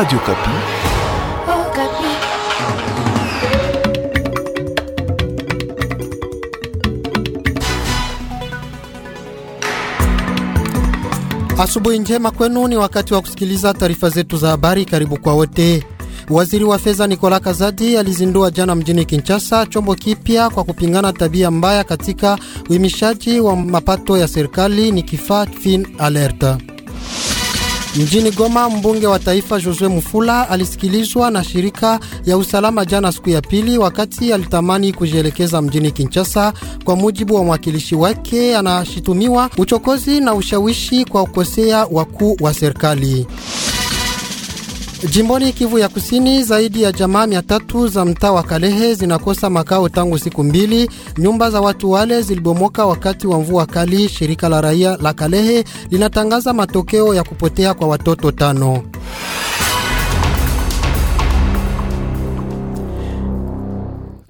Radio Kapi. Oh, Kapi. Asubuhi njema kwenu, ni wakati wa kusikiliza taarifa zetu za habari. Karibu kwa wote. Waziri wa fedha Nikola Kazadi alizindua jana mjini Kinshasa chombo kipya kwa kupingana tabia mbaya katika uimishaji wa mapato ya serikali, ni kifaa Fin alerta Mjini Goma, mbunge wa taifa Josue Mufula alisikilizwa na shirika ya usalama jana siku ya pili, wakati alitamani kujielekeza mjini Kinshasa. Kwa mujibu wa mwakilishi wake, anashitumiwa uchokozi na ushawishi kwa kukosea wakuu wa serikali. Jimboni Kivu ya Kusini, zaidi ya jamaa mia tatu za mtaa wa Kalehe zinakosa makao tangu siku mbili. Nyumba za watu wale zilibomoka wakati wa mvua kali. Shirika la raia la Kalehe linatangaza matokeo ya kupotea kwa watoto tano.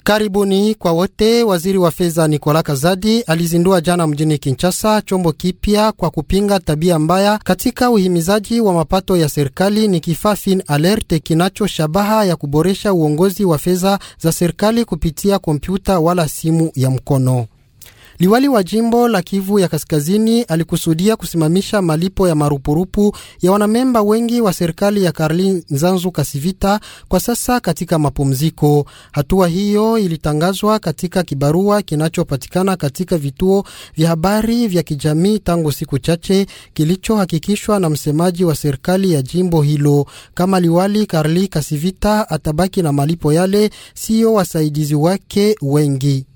Karibuni kwa wote. Waziri wa fedha Nikola Kazadi alizindua jana mjini Kinshasa chombo kipya kwa kupinga tabia mbaya katika uhimizaji wa mapato ya serikali, ni kifaa Fin Alert kinacho shabaha ya kuboresha uongozi wa fedha za serikali kupitia kompyuta wala simu ya mkono. Liwali wa jimbo la Kivu ya Kaskazini alikusudia kusimamisha malipo ya marupurupu ya wanamemba wengi wa serikali ya Karli Nzanzu Kasivita kwa sasa katika mapumziko. Hatua hiyo ilitangazwa katika kibarua kinachopatikana katika vituo vya habari vya kijamii tangu siku chache, kilichohakikishwa na msemaji wa serikali ya jimbo hilo. Kama liwali Karli Kasivita atabaki na malipo yale, siyo wasaidizi wake wengi.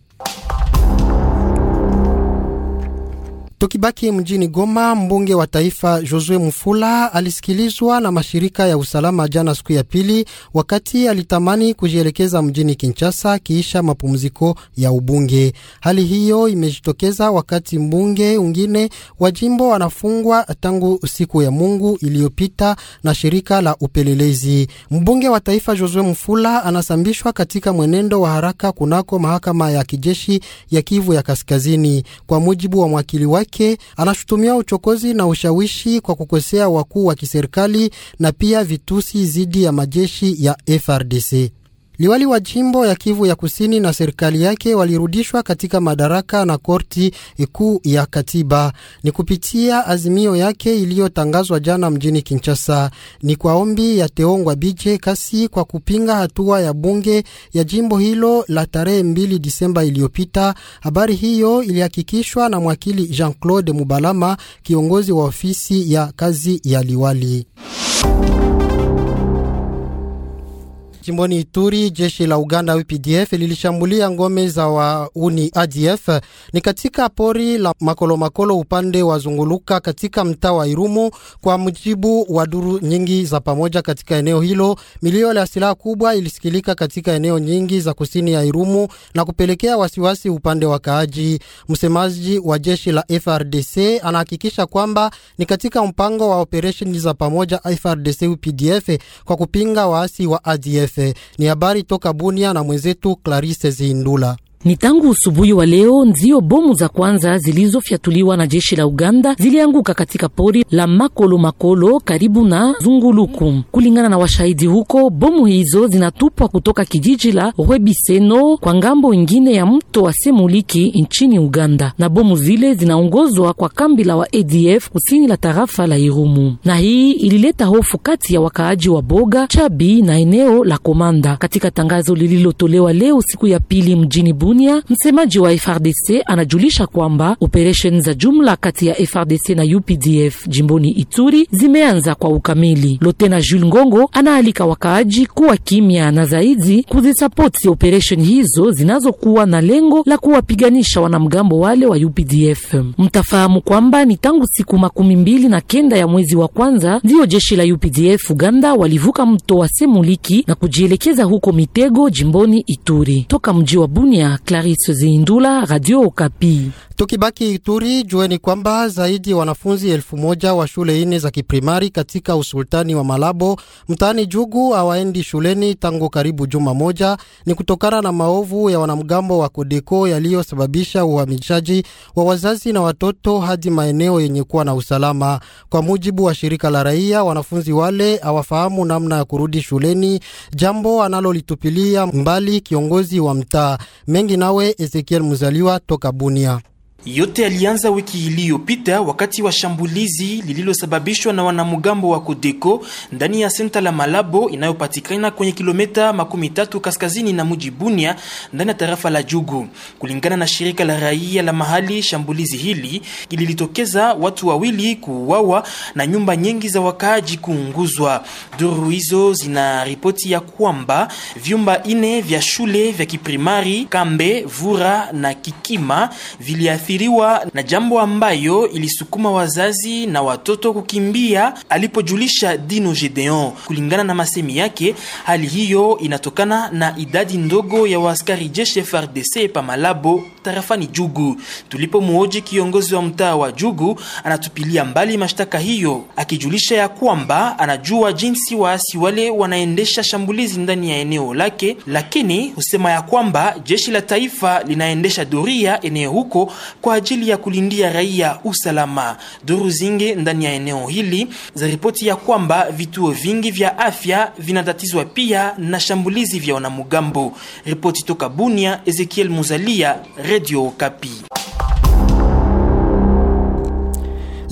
Tukibaki mjini Goma, mbunge wa taifa Josue Mfula alisikilizwa na mashirika ya usalama jana siku ya pili, wakati alitamani kujielekeza mjini Kinshasa kiisha mapumziko ya ubunge. Hali hiyo imejitokeza wakati mbunge ungine wa jimbo anafungwa tangu siku ya Mungu iliyopita na shirika la upelelezi. Mbunge wa taifa Josue Mfula anasambishwa katika mwenendo wa haraka kunako mahakama ya kijeshi ya Kivu ya Kaskazini, kwa mujibu wa mwakili wake wake anashutumia uchokozi na ushawishi kwa kukosea wakuu wa kiserikali na pia vitusi dhidi ya majeshi ya FRDC. Liwali wa jimbo ya Kivu ya Kusini na serikali yake walirudishwa katika madaraka na korti kuu ya katiba ni kupitia azimio yake iliyotangazwa jana mjini Kinshasa. Ni kwa ombi ya Teongwa Bije Kasi kwa kupinga hatua ya bunge ya jimbo hilo la tarehe 2 Disemba iliyopita. Habari hiyo ilihakikishwa na mwakili Jean-Claude Mubalama, kiongozi wa ofisi ya kazi ya liwali. Jimboni Ituri, jeshi la Uganda UPDF lilishambulia ngome za wauni ADF ni katika pori la makolo makolo upande wa zunguluka katika mtaa wa Irumu, kwa mujibu wa duru nyingi za pamoja katika eneo hilo. Milio ya silaha kubwa ilisikilika katika eneo nyingi za kusini ya Irumu na kupelekea wasiwasi upande wa kaaji. Msemaji wa jeshi la FRDC anahakikisha kwamba ni katika mpango wa operesheni za pamoja FRDC UPDF kwa kupinga waasi wa ADF ni habari toka Bunia na mwenzetu Clarisse Zindula. Ni tangu usubuhi wa leo ndio bomu za kwanza zilizofyatuliwa na jeshi la Uganda zilianguka katika pori la Makolo Makolo karibu na Zunguluku. Kulingana na washahidi huko, bomu hizo zinatupwa kutoka kijiji la Rwebiseno kwa ngambo ingine ya mto wa Semuliki nchini Uganda, na bomu zile zinaongozwa kwa kambi la wa ADF kusini la tarafa la Irumu, na hii ilileta hofu kati ya wakaaji wa Boga Chabi na eneo la Komanda. Katika tangazo lililotolewa leo siku ya pili mjini Bunia, msemaji wa FRDC anajulisha kwamba operation za jumla kati ya FRDC na UPDF jimboni Ituri zimeanza kwa ukamili. Lotena Jules Ngongo anaalika wakaaji kuwa kimya na zaidi kuzisapoti operation hizo zinazokuwa na lengo la kuwapiganisha wanamgambo wale wa UPDF. Mtafahamu kwamba ni tangu siku makumi mbili na kenda ya mwezi wa kwanza ndiyo jeshi la UPDF Uganda walivuka mto wa Semuliki na kujielekeza huko Mitego jimboni Ituri toka mji wa Bunia. Clarisse Zindula, Radio Okapi. Tukibaki Ituri, jueni kwamba zaidi ya wanafunzi elfu moja wa shule ine za kiprimari katika usultani wa Malabo mtaani Jugu hawaendi shuleni tangu karibu juma moja. Ni kutokana na maovu ya wanamgambo wa Kodeko yaliyosababisha uhamishaji wa wazazi na watoto hadi maeneo yenye kuwa na usalama. Kwa mujibu wa shirika la raia, wanafunzi wale hawafahamu namna ya kurudi shuleni, jambo analolitupilia mbali kiongozi wa mtaa mengi mengi nawe Ezekiel Muzaliwa toka Bunia. Yote alianza wiki iliyopita wakati wa shambulizi lililosababishwa na wanamgambo wa Kodeko ndani ya senta la Malabo inayopatikana kwenye kilomita makumi tatu kaskazini na mji Bunia ndani ya tarafa la Jugu. Kulingana na shirika la raia la mahali, shambulizi hili ililitokeza watu wawili kuuawa na nyumba nyingi za wakaaji kuunguzwa. Duru hizo zina ripoti ya kwamba vyumba ine vya shule vya kiprimari Kambe, Vura na Kikima vilia kuathiriwa na jambo ambayo ilisukuma wazazi na watoto kukimbia, alipojulisha Dino Gedeon. Kulingana na masemi yake, hali hiyo inatokana na idadi ndogo ya waaskari jeshi FRDC pa Malabo tarafani Jugu. Tulipomhoji kiongozi wa mtaa wa Jugu, anatupilia mbali mashtaka hiyo, akijulisha ya kwamba anajua jinsi waasi wale wanaendesha shambulizi ndani ya eneo lake, lakini husema ya kwamba jeshi la taifa linaendesha doria eneo huko kwa ajili ya kulindia raia usalama. Duru zingi ndani ya eneo hili za ripoti ya kwamba vituo vingi vya afya vinatatizwa pia na shambulizi vya wanamugambo. Ripoti toka Bunia, Ezekiel Muzalia. Radio Kapi.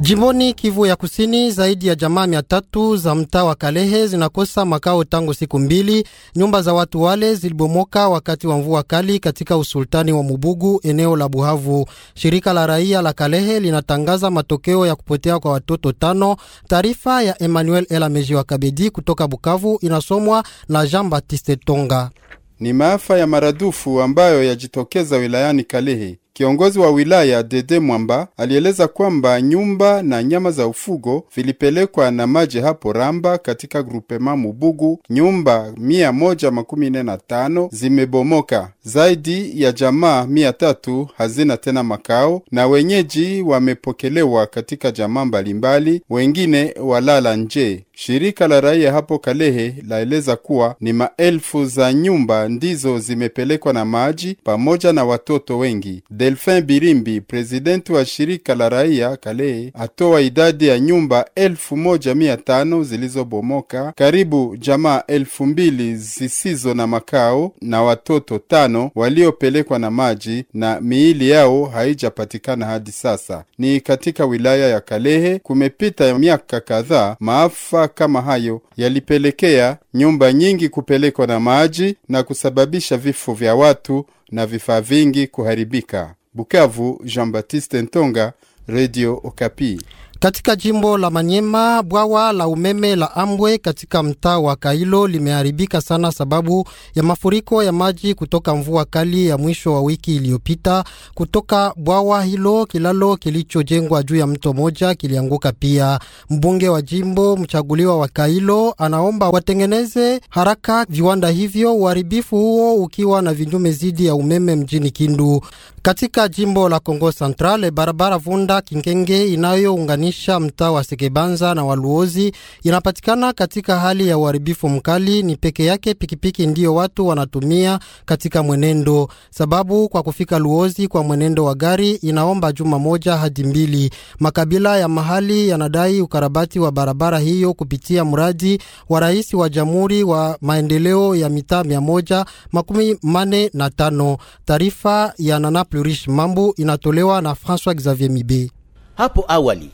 Jimboni Kivu ya Kusini, zaidi ya jamaa mia tatu za mtaa wa Kalehe zinakosa makao tangu siku mbili. Nyumba za watu wale zilibomoka wakati wa mvua kali katika usultani wa Mubugu, eneo la Buhavu. Shirika la raia la Kalehe linatangaza matokeo ya kupotea kwa watoto tano. Taarifa ya Emmanuel Elameji wa Kabedi kutoka Bukavu inasomwa na Jean Baptiste Tonga ni maafa ya maradufu ambayo yajitokeza wilayani Kalehe Kiongozi wa wilaya Dede Mwamba alieleza kwamba nyumba na nyama za ufugo vilipelekwa na maji hapo Ramba katika grupema Mubugu, nyumba 145 zimebomoka, zaidi ya jamaa 300 hazina tena makao, na wenyeji wamepokelewa katika jamaa mbalimbali, wengine walala nje. Shirika la raia hapo Kalehe laeleza kuwa ni maelfu za nyumba ndizo zimepelekwa na maji pamoja na watoto wengi De Delfin Birimbi, prezidenti wa shirika la raia Kale, atoa idadi ya nyumba elfu moja mia tano zilizobomoka, karibu jamaa elfu mbili zisizo na makao na watoto tano waliopelekwa na maji na miili yao haijapatikana hadi sasa. Ni katika wilaya ya Kalehe. Kumepita miaka kadhaa, maafa kama hayo yalipelekea nyumba nyingi kupelekwa na maji na kusababisha vifo vya watu na vifaa vingi kuharibika. Bukavu, Jean Baptiste Ntonga, Radio Okapi. Katika jimbo la Manyema, bwawa la umeme la Ambwe katika mtaa wa Kailo limeharibika sana sababu ya mafuriko ya maji kutoka mvua kali ya mwisho wa wiki iliyopita. Kutoka bwawa hilo, kilalo kilichojengwa juu ya mto moja kilianguka pia. Mbunge wa jimbo mchaguliwa wa Kailo anaomba watengeneze haraka viwanda hivyo, uharibifu huo ukiwa na vinyume zidi ya umeme mjini Kindu. Katika jimbo la Kongo Central, barabara Vunda Kingenge inayounganisha mtaa wa Sekebanza na Waluozi inapatikana katika hali ya uharibifu mkali. Ni peke yake pikipiki ndiyo watu wanatumia katika mwenendo, sababu kwa kufika Luozi kwa mwenendo wa gari inaomba juma moja hadi mbili. Makabila ya mahali yanadai ukarabati wa barabara hiyo kupitia mradi wa rais wa Jamhuri wa maendeleo ya mitaa mia moja makumi mane na tano. Taarifa ya nanapla Plurish Mambo inatolewa na François Xavier Mibe. Hapo awali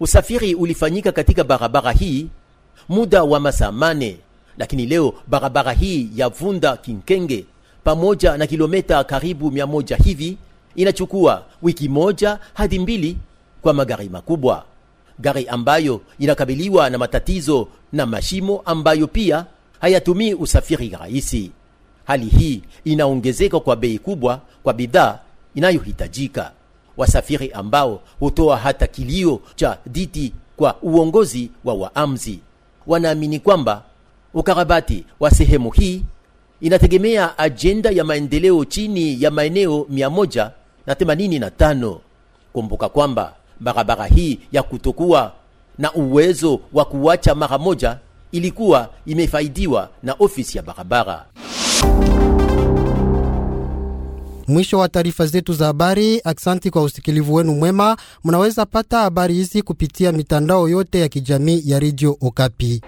usafiri ulifanyika katika barabara hii muda wa masaa mane, lakini leo barabara hii ya Vunda Kinkenge pamoja na kilomita karibu mia moja hivi inachukua wiki moja hadi mbili kwa magari makubwa, gari ambayo inakabiliwa na matatizo na mashimo ambayo pia hayatumii usafiri rahisi. Hali hii inaongezeka kwa bei kubwa kwa bidhaa inayohitajika, wasafiri ambao hutoa hata kilio cha dhiti kwa uongozi wa waamzi. Wanaamini kwamba ukarabati wa sehemu hii inategemea ajenda ya maendeleo chini ya maeneo 185. Kumbuka kwamba barabara hii ya kutokuwa na uwezo wa kuwacha mara moja ilikuwa imefaidiwa na ofisi ya barabara. Mwisho wa taarifa zetu za habari. Aksanti kwa usikilivu wenu mwema. Mnaweza pata habari hizi kupitia mitandao yote ya kijamii ya Radio Okapi.